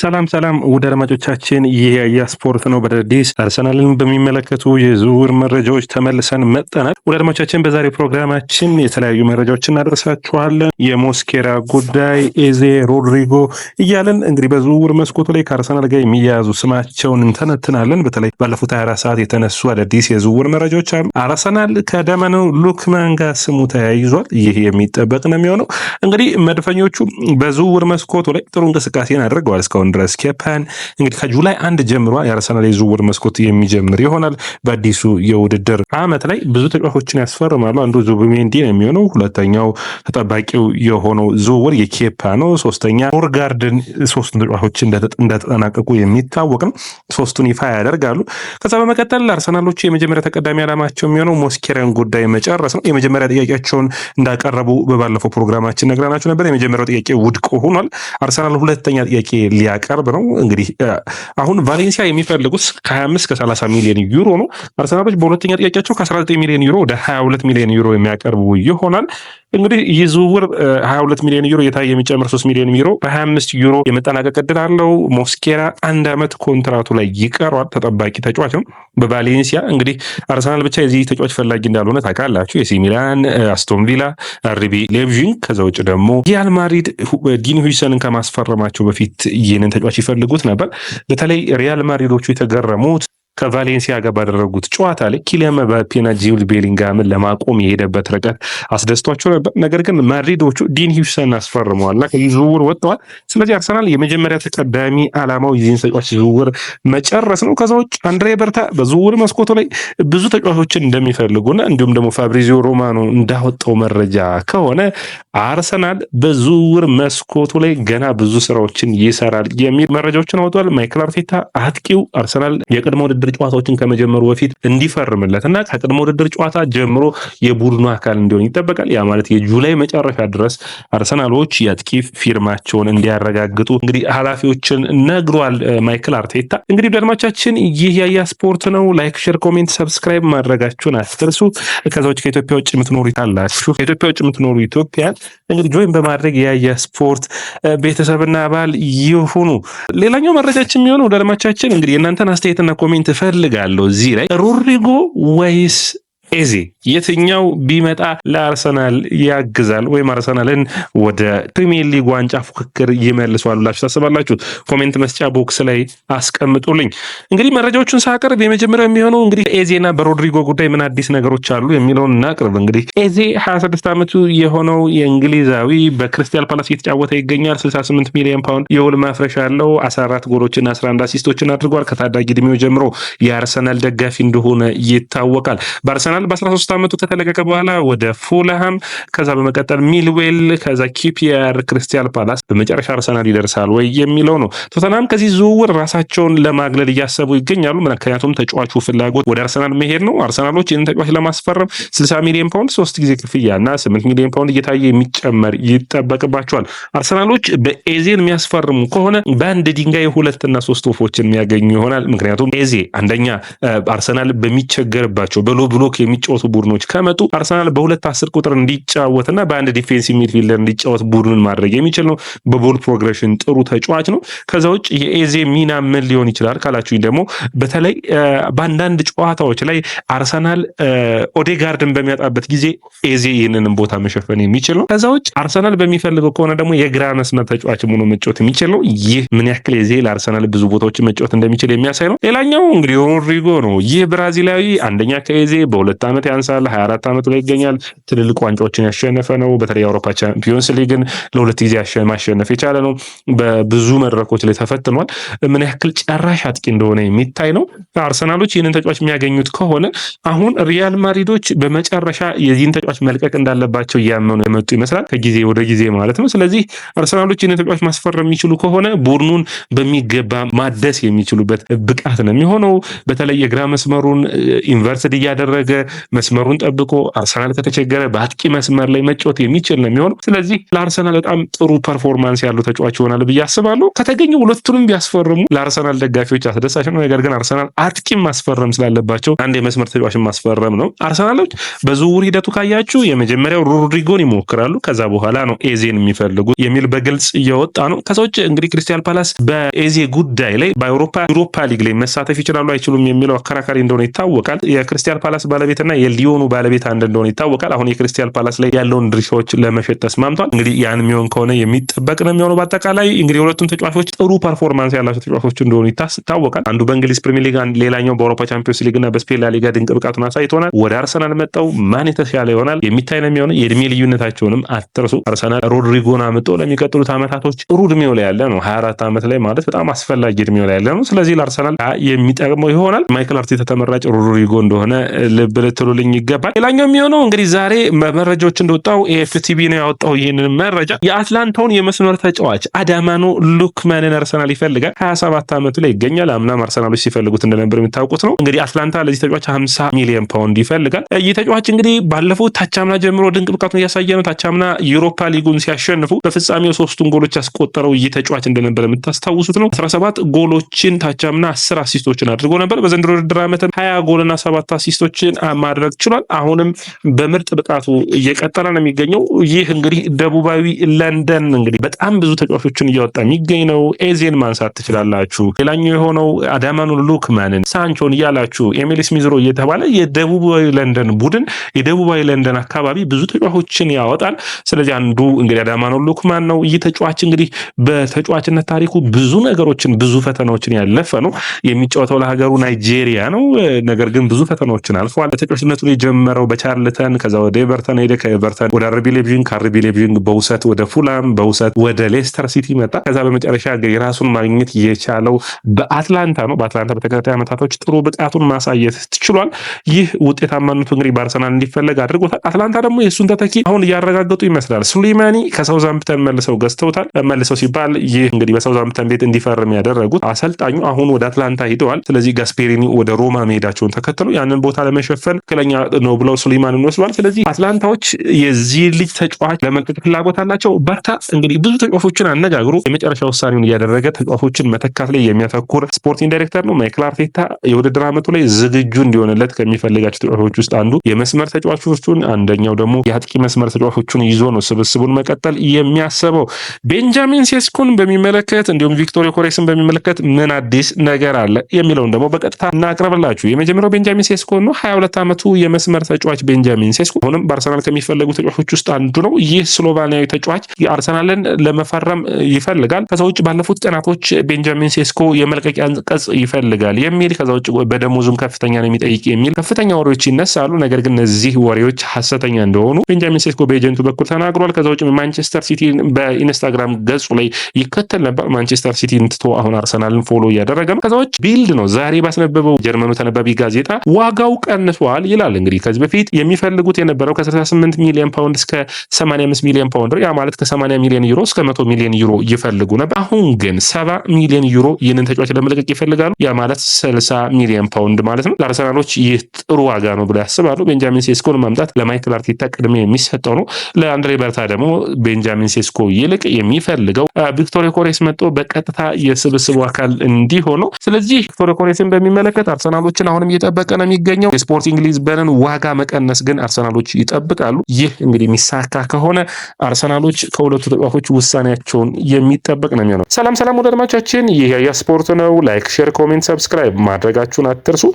ሰላም ሰላም ውድ አድማጮቻችን፣ ይህ ያያ ስፖርት ነው። በአዳዲስ አርሰናልን በሚመለከቱ የዝውውር መረጃዎች ተመልሰን መጠናል። ውድ አድማጮቻችን፣ በዛሬ ፕሮግራማችን የተለያዩ መረጃዎችን እናደርሳችኋለን። የሞስኬራ ጉዳይ፣ ኤዜ ሮድሪጎ እያለን እንግዲህ በዝውውር መስኮቱ ላይ ከአርሰናል ጋር የሚያያዙ ስማቸውን እንተነትናለን። በተለይ ባለፉት 24 ሰዓት የተነሱ አዳዲስ የዝውውር መረጃዎች አሉ። አርሰናል ከደመኑ ሉክማን ጋር ስሙ ተያይዟል። ይህ የሚጠበቅ ነው የሚሆነው። እንግዲህ መድፈኞቹ በዝውውር መስኮቱ ላይ ጥሩ እንቅስቃሴን አድርገዋል እስካሁን እስካሁን ድረስ ኬፓን እንግዲህ ከጁላይ አንድ ጀምሮ የአርሰናል የዝውውር መስኮት የሚጀምር ይሆናል። በአዲሱ የውድድር አመት ላይ ብዙ ተጫዋቾችን ያስፈርማሉ። አንዱ ዙቢሜንዲ ነው የሚሆነው። ሁለተኛው ተጠባቂው የሆነው ዝውውር የኬፓ ነው። ሶስተኛ ኖርጋርድን ሶስቱን ተጫዋቾች እንደተጠናቀቁ የሚታወቅ ነው። ሶስቱን ይፋ ያደርጋሉ። ከዛ በመቀጠል አርሰናሎቹ የመጀመሪያ ተቀዳሚ ዓላማቸው የሚሆነው ሞስኬራን ጉዳይ መጨረስ ነው። የመጀመሪያ ጥያቄያቸውን እንዳቀረቡ በባለፈው ፕሮግራማችን ነግረናችሁ ነበር። የመጀመሪያው ጥያቄ ውድቅ ሆኗል። አርሰናል ሁለተኛ ጥያቄ ሊያ የሚያቀርብ ነው። እንግዲህ አሁን ቫሌንሲያ የሚፈልጉት ከ25 እስከ 30 ሚሊዮን ዩሮ ነው። አርሰናሎች በሁለተኛ ጥያቄያቸው ከ19 ሚሊዮን ዩሮ ወደ 22 ሚሊዮን ዩሮ የሚያቀርቡ ይሆናል። እንግዲህ ይህ ዝውውር 22 ሚሊዮን ዩሮ የታየ የሚጨምር 3 ሚሊዮን ዩሮ በ25 ዩሮ የመጠናቀቅ እድል አለው። ሞስኬራ አንድ ዓመት ኮንትራቱ ላይ ይቀሯል። ተጠባቂ ተጫዋች ነው በቫሌንሲያ እንግዲህ አርሰናል ብቻ የዚህ ተጫዋች ፈላጊ እንዳልሆነ ታውቃላችሁ። የሲ ሚላን፣ አስቶን ቪላ፣ አርቢ ሌቭዥን ከዛ ውጭ ደግሞ ሪያል ማድሪድ ዲን ሁይሰንን ከማስፈረማቸው በፊት ይህንን ተጫዋች ይፈልጉት ነበር። በተለይ ሪያል ማድሪዶቹ የተገረሙት ከቫሌንሲያ ጋር ባደረጉት ጨዋታ ላይ ኪሊያን ምባፔና ጁድ ቤሊንጋምን ለማቆም የሄደበት ርቀት አስደስቷቸው ነበር። ነገር ግን ማድሪዶቹ ዲን ሂውሰን አስፈርመዋል እና ከዚህ ዝውውር ወጥተዋል። ስለዚህ አርሰናል የመጀመሪያ ተቀዳሚ አላማው የዚህን ተጫዋች ዝውውር መጨረስ ነው። ከዛ ውጭ አንድሬ በርታ በዝውውር መስኮቱ ላይ ብዙ ተጫዋቾችን እንደሚፈልጉና እንዲሁም ደግሞ ፋብሪዚዮ ሮማኖ እንዳወጣው መረጃ ከሆነ አርሰናል በዝውውር መስኮቱ ላይ ገና ብዙ ስራዎችን ይሰራል የሚል መረጃዎችን አውጥቷል። ማይክል አርቴታ አጥቂው አርሰናል የቅድመ ውድድር ጨዋታዎችን ከመጀመሩ በፊት እንዲፈርምለት እና ከቅድመ ውድድር ጨዋታ ጀምሮ የቡድኑ አካል እንዲሆን ይጠበቃል። ያ ማለት የጁላይ መጨረሻ ድረስ አርሰናሎች የአጥቂ ፊርማቸውን እንዲያረጋግጡ እንግዲህ ኃላፊዎችን ነግሯል ማይክል አርቴታ። እንግዲህ ደድማቻችን ይህ ያያ ስፖርት ነው። ላይክ፣ ሼር፣ ኮሜንት፣ ሰብስክራይብ ማድረጋችሁን አትርሱ። ከዛዎች ከኢትዮጵያ ውጭ የምትኖሩ ይታላችሁ ከኢትዮጵያ ውጭ የምትኖሩ ኢትዮጵያን እንግዲህ ጆይን በማድረግ የስፖርት ቤተሰብና አባል ይሁኑ። ሌላኛው መረጃችን የሚሆነው ወደ እንግዲህ የእናንተን አስተያየትና ኮሜንት እፈልጋለሁ እዚህ ላይ ሮድሪጎ ወይስ ኤዜ የትኛው ቢመጣ ለአርሰናል ያግዛል ወይም አርሰናልን ወደ ፕሪሚየር ሊግ ዋንጫ ፉክክር ይመልሰዋል ብላችሁ ታስባላችሁ? ኮሜንት መስጫ ቦክስ ላይ አስቀምጡልኝ። እንግዲህ መረጃዎቹን ሳቀርብ የመጀመሪያው የሚሆነው እንግዲህ ኤዜና በሮድሪጎ ጉዳይ ምን አዲስ ነገሮች አሉ የሚለውን እናቅርብ። እንግዲህ ኤዜ 26 ዓመቱ የሆነው የእንግሊዛዊ በክሪስታል ፓላስ እየተጫወተ ይገኛል። 68 ሚሊዮን ፓውንድ የውል ማፍረሻ ያለው 14 ጎሎችና 11 አሲስቶችን አድርጓል። ከታዳጊ እድሜው ጀምሮ የአርሰናል ደጋፊ እንደሆነ ይታወቃል። በአርሰናል አርሰናል በ13 ዓመቱ ከተለቀቀ በኋላ ወደ ፉለሃም፣ ከዛ በመቀጠል ሚልዌል፣ ከዛ ኪፒየር፣ ክሪስታል ፓላስ፣ በመጨረሻ አርሰናል ይደርሳል ወይ የሚለው ነው። ቶተናም ከዚህ ዝውውር ራሳቸውን ለማግለል እያሰቡ ይገኛሉ። ምክንያቱም ተጫዋቹ ፍላጎት ወደ አርሰናል መሄድ ነው። አርሰናሎች ይህን ተጫዋች ለማስፈረም 60 ሚሊዮን ፓውንድ ሶስት ጊዜ ክፍያ እና 8 ሚሊዮን ፓውንድ እየታየ የሚጨመር ይጠበቅባቸዋል። አርሰናሎች በኤዜን የሚያስፈርሙ ከሆነ በአንድ ድንጋይ ሁለትና ሶስት ወፎችን የሚያገኙ ይሆናል። ምክንያቱም ኤዜ አንደኛ አርሰናል በሚቸገርባቸው በሎ ብሎክ የሚጫወቱ ቡድኖች ከመጡ አርሰናል በሁለት አስር ቁጥር እንዲጫወትና በአንድ ዲፌንሲቭ ሚድፊልደር እንዲጫወት ቡድንን ማድረግ የሚችል ነው። በቦል ፕሮግሬሽን ጥሩ ተጫዋች ነው። ከዛ ውጭ የኤዜ ሚና ምን ሊሆን ይችላል ካላችሁኝ ደግሞ በተለይ በአንዳንድ ጨዋታዎች ላይ አርሰናል ኦዴጋርድን በሚያጣበት ጊዜ ኤዜ ይህንንም ቦታ መሸፈን የሚችል ነው። ከዛ ውጭ አርሰናል በሚፈልገው ከሆነ ደግሞ የግራ መስመር ተጫዋች ሆኖ መጫወት የሚችል ነው። ይህ ምን ያክል ኤዜ ለአርሰናል ብዙ ቦታዎችን መጫወት እንደሚችል የሚያሳይ ነው። ሌላኛው እንግዲህ ሮድሪጎ ነው። ይህ ብራዚላዊ አንደኛ ከኤዜ በሁለት 22 ዓመት ያንሳል፣ 24 ዓመቱ ላይ ይገኛል። ትልልቅ ዋንጫዎችን ያሸነፈ ነው። በተለይ የአውሮፓ ቻምፒዮንስ ሊግን ለሁለት ጊዜ ማሸነፍ የቻለ ነው። በብዙ መድረኮች ላይ ተፈትኗል። ምን ያክል ጨራሽ አጥቂ እንደሆነ የሚታይ ነው። አርሰናሎች ይህንን ተጫዋች የሚያገኙት ከሆነ አሁን ሪያል ማድሪዶች በመጨረሻ የዚህን ተጫዋች መልቀቅ እንዳለባቸው እያመኑ የመጡ ይመስላል፣ ከጊዜ ወደ ጊዜ ማለት ነው። ስለዚህ አርሰናሎች ይህንን ተጫዋች ማስፈረም የሚችሉ ከሆነ ቡድኑን በሚገባ ማደስ የሚችሉበት ብቃት ነው የሚሆነው። በተለይ የግራ መስመሩን ኢንቨርስድ እያደረገ መስመሩን ጠብቆ አርሰናል ከተቸገረ በአጥቂ መስመር ላይ መጫወት የሚችል ነው የሚሆነው። ስለዚህ ለአርሰናል በጣም ጥሩ ፐርፎርማንስ ያለው ተጫዋች ይሆናል ብዬ አስባለሁ። ከተገኘ ሁለቱንም ቢያስፈርሙ ለአርሰናል ደጋፊዎች አስደሳች ነው። ነገር ግን አርሰናል አጥቂም ማስፈረም ስላለባቸው አንድ የመስመር ተጫዋችን ማስፈረም ነው። አርሰናሎች በዝውውር ሂደቱ ካያችሁ የመጀመሪያው ሮድሪጎን ይሞክራሉ። ከዛ በኋላ ነው ኤዜን የሚፈልጉት የሚል በግልጽ እየወጣ ነው። ከሰዎች እንግዲህ ክሪስታል ፓላስ በኤዜ ጉዳይ ላይ በአውሮፓ ዩሮፓ ሊግ ላይ መሳተፍ ይችላሉ አይችሉም የሚለው አከራካሪ እንደሆነ ይታወቃል። የክሪስታል ፓላስ ባለቤት ባለቤትና የሊዮኑ ባለቤት አንድ እንደሆነ ይታወቃል። አሁን የክሪስታል ፓላስ ላይ ያለውን ድርሻዎች ለመሸጥ ተስማምቷል። እንግዲህ ያን የሚሆን ከሆነ የሚጠበቅ ነው የሚሆነው። በአጠቃላይ እንግዲህ ሁለቱም ተጫዋቾች ጥሩ ፐርፎርማንስ ያላቸው ተጫዋቾች እንደሆኑ ይታወቃል። አንዱ በእንግሊዝ ፕሪሚየር ሊግ፣ ሌላኛው በአውሮፓ ቻምፒዮንስ ሊግና በስፔን ላሊጋ ድንቅ ብቃቱን አሳይቶናል። ወደ አርሰናል መጠው ማን የተሻለ ይሆናል የሚታይ ነው የሚሆነው። የእድሜ ልዩነታቸውንም አትርሱ። አርሰናል ሮድሪጎን አምጦ ለሚቀጥሉት ዓመታቶች ጥሩ እድሜው ላይ ያለ ነው። 24 ዓመት ላይ ማለት በጣም አስፈላጊ እድሜው ላይ ያለ ነው። ስለዚህ ለአርሰናል የሚጠቅመው ይሆናል። ማይክል አርቴታ ተመራጭ ሮድሪጎ እንደሆነ ልብ ልትሉልኝ ይገባል። ሌላኛው የሚሆነው እንግዲህ ዛሬ መረጃዎች እንደወጣው ኤፍቲቪ ነው ያወጣው ይህንን መረጃ። የአትላንታውን የመስመር ተጫዋች አዳማኖ ሉክመንን አርሰናል ይፈልጋል። 27 ዓመቱ ላይ ይገኛል። አምናም አርሰናሎች ሲፈልጉት እንደነበር የሚታወቁት ነው። እንግዲህ አትላንታ ለዚህ ተጫዋች 50 ሚሊዮን ፓውንድ ይፈልጋል። ይህ ተጫዋች እንግዲህ ባለፉት ታቻምና ጀምሮ ድንቅ ብቃቱን እያሳየ ነው። ታቻምና ዩሮፓ ሊጉን ሲያሸንፉ በፍጻሜው ሶስቱን ጎሎች ያስቆጠረው ይህ ተጫዋች እንደነበር የምታስታውሱት ነው። 17 ጎሎችን ታቻምና አስር አሲስቶችን አድርጎ ነበር። በዘንድሮ ውድድር ዓመት 20 ጎልና ሰባት አሲስቶችን ማድረግ ችሏል። አሁንም በምርጥ ብቃቱ እየቀጠለ ነው የሚገኘው። ይህ እንግዲህ ደቡባዊ ለንደን እንግዲህ በጣም ብዙ ተጫዋቾችን እያወጣ የሚገኝ ነው። ኤዜን ማንሳት ትችላላችሁ። ሌላኛው የሆነው አዳማኑ ሉክማንን፣ ሳንቾን እያላችሁ ኤሚል ስሚዝሮ እየተባለ የደቡባዊ ለንደን ቡድን የደቡባዊ ለንደን አካባቢ ብዙ ተጫዋቾችን ያወጣል። ስለዚህ አንዱ እንግዲህ አዳማኑ ሉክማን ነው። ይህ ተጫዋች እንግዲህ በተጫዋችነት ታሪኩ ብዙ ነገሮችን ብዙ ፈተናዎችን ያለፈ ነው። የሚጫወተው ለሀገሩ ናይጄሪያ ነው። ነገር ግን ብዙ ፈተናዎችን አልፏል። በተጫዋችነቱን የጀመረው በቻርልተን ከዛ ወደ ኤቨርተን ሄደ። ከኤቨርተን ወደ አርቢ ሌቪዥን፣ ከአርቢ ሌቪዥን በውሰት ወደ ፉላም፣ በውሰት ወደ ሌስተር ሲቲ መጣ። ከዛ በመጨረሻ የራሱን ማግኘት የቻለው በአትላንታ ነው። በአትላንታ በተከታታይ ዓመታቶች ጥሩ ብቃቱን ማሳየት ችሏል። ይህ ውጤታማነቱ እንግዲህ በአርሰናል እንዲፈለግ አድርጎታል። አትላንታ ደግሞ የእሱን ተተኪ አሁን እያረጋገጡ ይመስላል። ሱሊማኒ ከሳውዛምፕተን መልሰው ገዝተውታል። መልሰው ሲባል ይህ እንግዲህ በሳውዛምፕተን ቤት እንዲፈርም ያደረጉት አሰልጣኙ አሁን ወደ አትላንታ ሂደዋል። ስለዚህ ጋስፔሪኒ ወደ ሮማ መሄዳቸውን ተከትሎ ያንን ቦታ ለመሸፈ መክፈል ትክክለኛ ነው ብለው ስሊማንን ወስዷል። ስለዚህ አትላንታዎች የዚህ ልጅ ተጫዋች ለመልቀቅ ፍላጎት አላቸው። በርታ እንግዲህ ብዙ ተጫዋቾችን አነጋግሮ የመጨረሻ ውሳኔውን እያደረገ ተጫዋቾችን መተካት ላይ የሚያተኩር ስፖርቲንግ ዳይሬክተር ነው። ማይክል አርቴታ የውድድር ዓመቱ ላይ ዝግጁ እንዲሆንለት ከሚፈልጋቸው ተጫዋቾች ውስጥ አንዱ የመስመር ተጫዋቾቹን፣ አንደኛው ደግሞ የአጥቂ መስመር ተጫዋቾቹን ይዞ ነው ስብስቡን መቀጠል የሚያስበው። ቤንጃሚን ሴስኩን በሚመለከት እንዲሁም ቪክቶሪ ኮሬስን በሚመለከት ምን አዲስ ነገር አለ የሚለውን ደግሞ በቀጥታ እናቅርብላችሁ። የመጀመሪያው ቤንጃሚን ሴስኮን ነው ሀያ ሁለት ዓመቱ የመስመር ተጫዋች ቤንጃሚን ሴስኮ አሁንም በአርሰናል ከሚፈለጉ ተጫዋቾች ውስጥ አንዱ ነው። ይህ ስሎቫኒያዊ ተጫዋች የአርሰናልን ለመፈረም ይፈልጋል። ከዛ ውጭ ባለፉት ቀናቶች ቤንጃሚን ሴስኮ የመልቀቂያ ቀጽ ይፈልጋል የሚል ከዛ ውጭ በደሞዙም ከፍተኛ ነው የሚጠይቅ የሚል ከፍተኛ ወሬዎች ይነሳሉ። ነገር ግን እነዚህ ወሬዎች ሀሰተኛ እንደሆኑ ቤንጃሚን ሴስኮ በኤጀንቱ በኩል ተናግሯል። ከዛ ውጭ ማንቸስተር ሲቲን በኢንስታግራም ገጹ ላይ ይከተል ነበር። ማንቸስተር ሲቲን ትቶ አሁን አርሰናልን ፎሎ እያደረገ ነው። ከዛ ውጭ ቢልድ ነው ዛሬ ባስነበበው ጀርመኑ ተነባቢ ጋዜጣ ዋጋው ቀንሷል ተለውጧል ይላል። እንግዲህ ከዚህ በፊት የሚፈልጉት የነበረው ከ 8 ሚሊዮን ፓውንድ እስከ 85 ሚሊዮን ፓውንድ ያ ማለት ከ80 ሚሊዮን ዩሮ እስከ 100 ሚሊዮን ዩሮ ይፈልጉ ነበር። አሁን ግን 70 ሚሊዮን ዩሮ ይህንን ተጫዋች ለመለቀቅ ይፈልጋሉ። ያ ማለት 60 ሚሊዮን ፓውንድ ማለት ነው። ለአርሰናሎች ይህ ጥሩ ዋጋ ነው ብሎ ያስባሉ። ቤንጃሚን ሴስኮን ማምጣት ለማይክል አርቴታ ቅድሜ የሚሰጠው ነው። ለአንድሬ በርታ ደግሞ ቤንጃሚን ሴስኮ ይልቅ የሚፈልገው ቪክቶሪ ኮሬስ መጥቶ በቀጥታ የስብስቡ አካል እንዲሆነው። ስለዚህ ቪክቶሪ ኮሬስን በሚመለከት አርሰናሎችን አሁንም እየጠበቀ ነው የሚገኘው የስፖርቲንግ የእንግሊዝበንን ዋጋ መቀነስ ግን አርሰናሎች ይጠብቃሉ። ይህ እንግዲህ የሚሳካ ከሆነ አርሰናሎች ከሁለቱ ተጫዋቾች ውሳኔያቸውን የሚጠበቅ ነው የሚሆነው። ሰላም ሰላም ወደ አድማቻችን፣ ይህ ያያ ስፖርት ነው። ላይክ፣ ሼር፣ ኮሜንት፣ ሰብስክራይብ ማድረጋችሁን አትርሱ።